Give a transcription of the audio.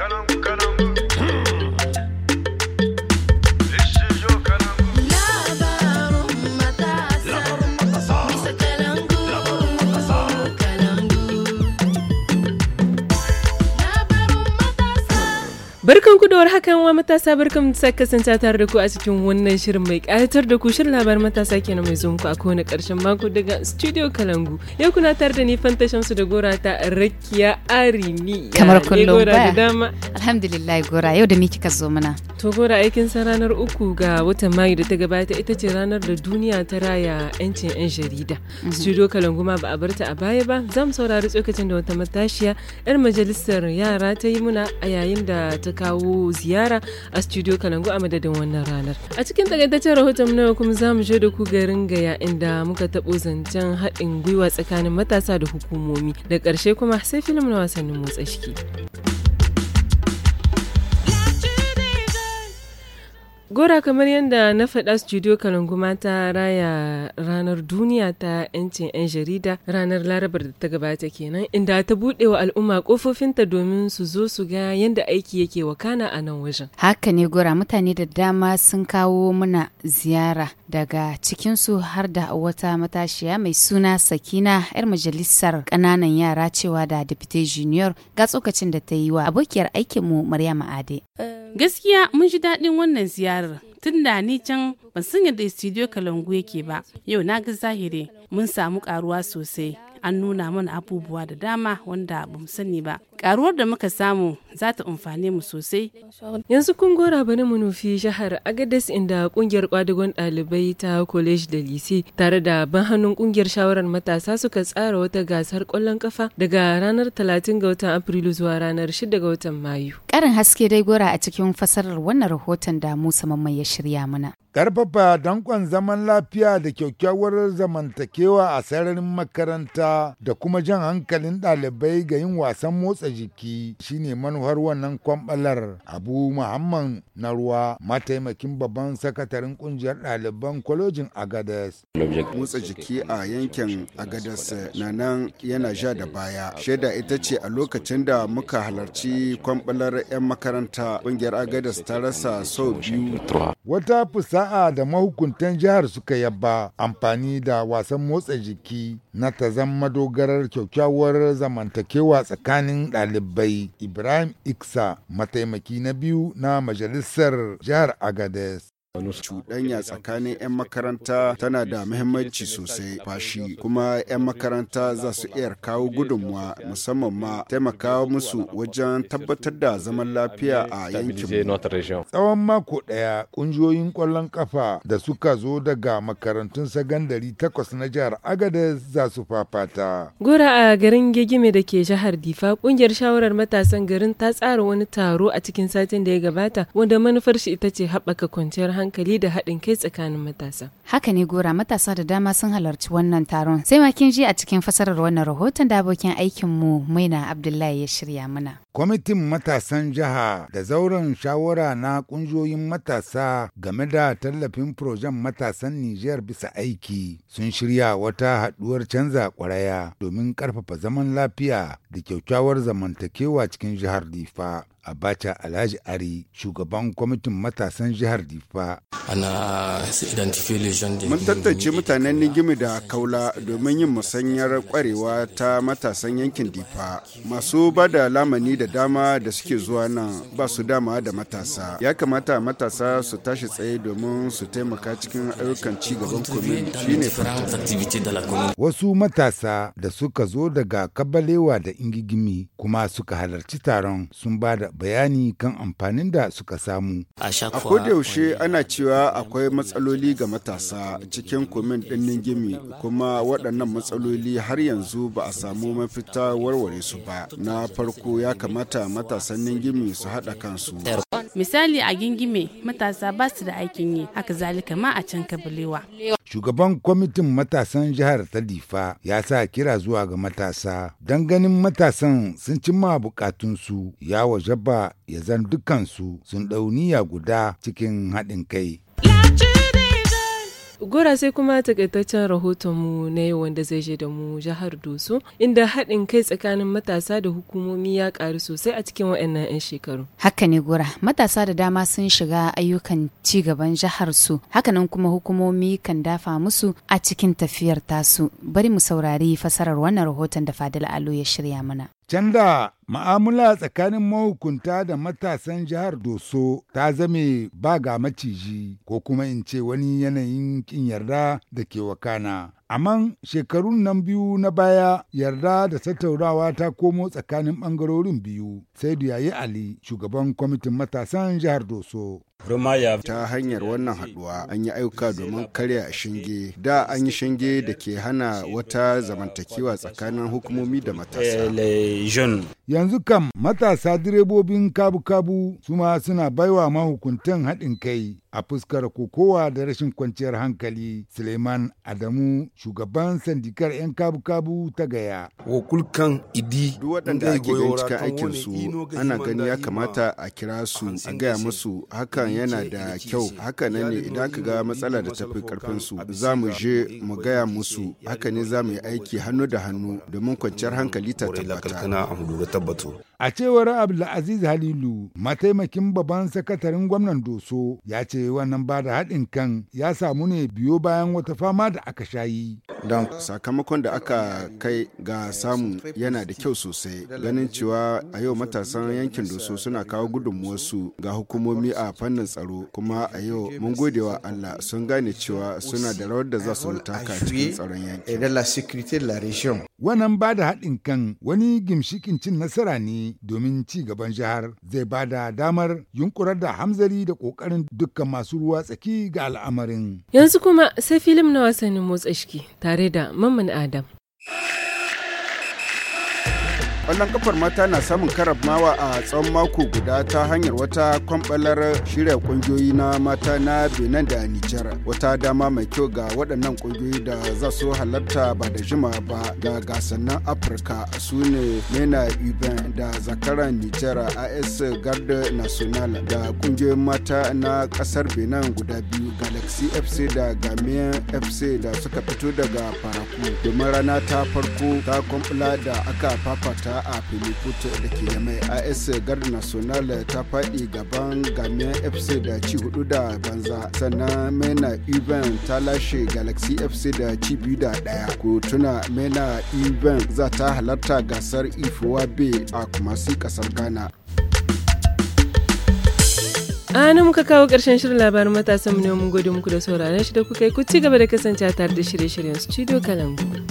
Canam, canam. Barkan ku da war haka wa matasa barkan mu saka kasance tare da ku a cikin wannan shirin mai kayatar da ku shirin labarin matasa kenan mai zuwa a kowane karshen mako daga studio Kalangu. Yau kuna tare da ni Fanta Shamsu da Gora ta Rakiya Arimi. Kamar kullum ba. dama. Alhamdulillah Gora yau da me kika zo mana? To Gora aikin sa ranar uku ga watan Mayu da ta gabata ita ce ranar da duniya ta raya 'yancin 'yan jarida. Mhm. Studio Kalangu ma ba a barta a baya ba za mu saurari tsokacin da wata matashiya 'yar majalisar yara ta yi muna a yayin da ta kawo ziyara a studio Kalangu a madadin wannan ranar. A cikin takaitaccen rahoton na kuma za mu da ku garin gaya inda muka taɓo zancen haɗin gwiwa tsakanin matasa da hukumomi. Da ƙarshe kuma sai filim na wasannin motsa shiki. Gora kamar yadda na faɗa studio Kalanguma ta raya ranar duniya ta 'yancin 'yan jarida ranar larabar da ta gabata kenan inda ta buɗe wa al'umma ƙofofinta domin su zo su ga yadda aiki yake wakana a nan wajen. Haka ne Gora mutane da dama sun kawo mana ziyara daga cikinsu har da wata matashiya mai suna Sakina 'yar majalisar ƙananan yara cewa da Deputy Junior ga tsokacin da ta yi wa abokiyar aikinmu Maryama Ade. Uh... Gaskiya mun ji daɗin wannan ziyarar. tun da ni can ban san yadda studio kalangu yake ba yau na ga zahiri mun samu karuwa sosai an nuna mana abubuwa da dama wanda ba mu sani ba karuwar da muka samu za ta amfane mu sosai yanzu kun gora bani mu nufi jihar agades inda kungiyar kwadagon dalibai ta college da lise tare da ban hannun kungiyar shawarar matasa suka tsara wata gasar kwallon kafa daga ranar 30 ga watan afrilu zuwa ranar 6 ga watan mayu karin haske dai gora a cikin fasarar wannan rahoton da musa mamman ya shirya mana. Ƙarfafa danƙon zaman lafiya da kyakkyawar zamantakewa a sararin makaranta da kuma jan hankalin ɗalibai ga yin wasan motsa jiki shine manuhar wannan kwamɓalar Abu Muhammad Narwa mataimakin babban sakataren ƙungiyar ɗaliban kwalojin Agadas. Motsa jiki a yankin Agadas na nan yana ja da baya. Shaida ita ce a lokacin da muka halarci kwamɓalar 'yan makaranta ƙungiyar Agadas ta rasa sau biyu. Wata fusa sa'a da mahukuntan jihar suka yabba amfani da wasan motsa jiki na ta zama dogarar kyakkyawar zamantakewa tsakanin ɗalibai Ibrahim Iksa mataimaki na biyu na majalisar jihar Agades. Cuɗanya tsakanin 'yan makaranta tana da muhimmanci sosai fashi kuma 'yan makaranta za su iya kawo gudunmuwa musamman ma taimakawa musu wajen tabbatar da zaman lafiya a yankin. Tsawon mako ɗaya ƙungiyoyin ƙwallon ƙafa da suka zo daga makarantun sagandari takwas na jihar agada za su fafata. Gora a garin Gegime da ke jihar Difa ƙungiyar shawarar matasan garin ta tsara wani taro a cikin satin da ya gabata wanda manufar shi ita ce haɓaka kwanciyar hankali da haɗin kai tsakanin matasa. Haka ne gora matasa da dama sun halarci wannan taron. Sai ma kin ji a cikin fasarar wannan rahoton da abokin aikinmu Maina Abdullahi ya shirya mana. Kwamitin matasan jiha da zauren shawara na ƙungiyoyin matasa game da tallafin projen matasan Nijar bisa aiki sun shirya wata haɗuwar canza ƙwaraya domin ƙarfafa zaman lafiya da kyaukyawar zamantakewa cikin jihar Difa. a Abacha Alhaji Ari shugaban kwamitin matasan jihar Difa. Mun tantance mutanen Nigimi da Kaula domin yin musanyar kwarewa ta matasan yankin Difa. Masu ba da lamani da dama da suke zuwa nan ba su dama da matasa. Ya kamata matasa su tashi tsaye domin su taimaka cikin ayyukan ci gaban kwamin shine Wasu matasa da suka zo daga Kabalewa da Ingigimi kuma suka halarci taron sun ba da bayani kan amfanin da suka samu. A yaushe ana cewa akwai matsaloli ga matasa cikin kumin ɗin gimi kuma waɗannan matsaloli har yanzu ba a samu mafita warware su ba. Na farko ya kamata matasan gimi su haɗa kansu. Misali a gingime matasa ba su da aikin yi haka zalika ma a can kabilewa. Shugaban kwamitin matasan jihar ta Difa ya sa kira zuwa ga matasa don ganin matasan sun cimma bukatunsu ya wajaba ya zan dukansu sun guda cikin haɗin kai. Gora sai kuma takaitaccen rahotonmu na yau wanda zai je da mu jihar Doso inda haɗin kai tsakanin matasa da hukumomi ya ƙaru sosai a cikin waɗannan 'yan shekaru. Haka ne Gora, matasa da dama sun shiga ayyukan ci gaban jihar su, hakanan kuma hukumomi kan dafa musu a cikin tafiyar tasu. Bari mu saurari fasarar wannan rahoton da Fadil Alo ya shirya mana. Canza ma'amula tsakanin mahukunta da matasan jihar Doso ta zame ba ga maciji ko kuma in ce wani yanayin kin yarda da ke wakana. Amma shekarun nan biyu na baya yarda da taurawa ta komo tsakanin ɓangarorin biyu sai da yayi Ali shugaban kwamitin matasan jihar Doso. ta hanyar wannan haduwa an yi ayyuka domin karya shinge da an yi shinge da ke hana wata zamantakewa tsakanin hukumomi da matasa eh, yanzu kam matasa direbobin kabu-kabu suma suna baiwa mahukuntan haɗin kai a fuskar kokowa da rashin kwanciyar hankali suleiman adamu shugaban sandikar 'yan kabu-kabu ta gaya wakulkan idi inda waɗanda ake ganin cikin aikinsu ana gani ya kamata a kira su a gaya musu hakan hakan yana da kyau haka ne idan ka ga matsala da tafi karfinsu za mu je mu gaya musu haka ne za mu yi aiki hannu da hannu domin kwanciyar hankali ta tabbata. A cewar Abdulaziz Halilu mataimakin babban sakataren gwamnan Doso ya ce wannan ba da haɗin kan ya samu ne biyo bayan wata fama da aka shayi. don sakamakon da aka kai ga samu yana da kyau sosai ganin cewa a yau matasan yankin doso suna kawo gudunmuwarsu ga hukumomi a fannin tsaro kuma a yau mun gode wa allah sun gane cewa suna da rawar da za su taka cikin tsaron yankin Wannan ba da haɗin kan wani gimshikin cin nasara ne domin ci gaban jihar zai ba da damar yunkurar da hamzari da ƙoƙarin dukkan masu ruwa tsaki ga al'amarin. Yanzu kuma sai filim na wasannin motsa shiki tare da Mamman Adam. kwallon kafar mata na samun karamawa a tsawon mako guda ta hanyar wata kwamɓalar shirya ƙungiyoyi na mata na benin da nijar wata dama mai kyau ga waɗannan ƙungiyoyi da za su halarta ba da jima ba ga gasannin afirka su ne mena uben da zakaran nijar as garde national da ƙungiyoyin mata na ƙasar benin guda biyu galaxy fc da gamiyan fc da suka fito daga faraku domin rana ta farko ta kwambala da aka fafata a'a a da ke Yamai. AS Gard National ta faɗi gaban Gamiyan FC da ci hudu da banza. Sannan Mena Uben ta lashe Galaxy FC da ci biyu da ɗaya. Ku tuna Mena Uben za ta halarta gasar Ifowa a Kumasi kasar Ghana. a nan muka kawo ƙarshen shirin labarin matasan mu ne mun gode muku da sauraron shi da kuka yi ku ci gaba da kasance tare da shirye-shiryen studio kalangu.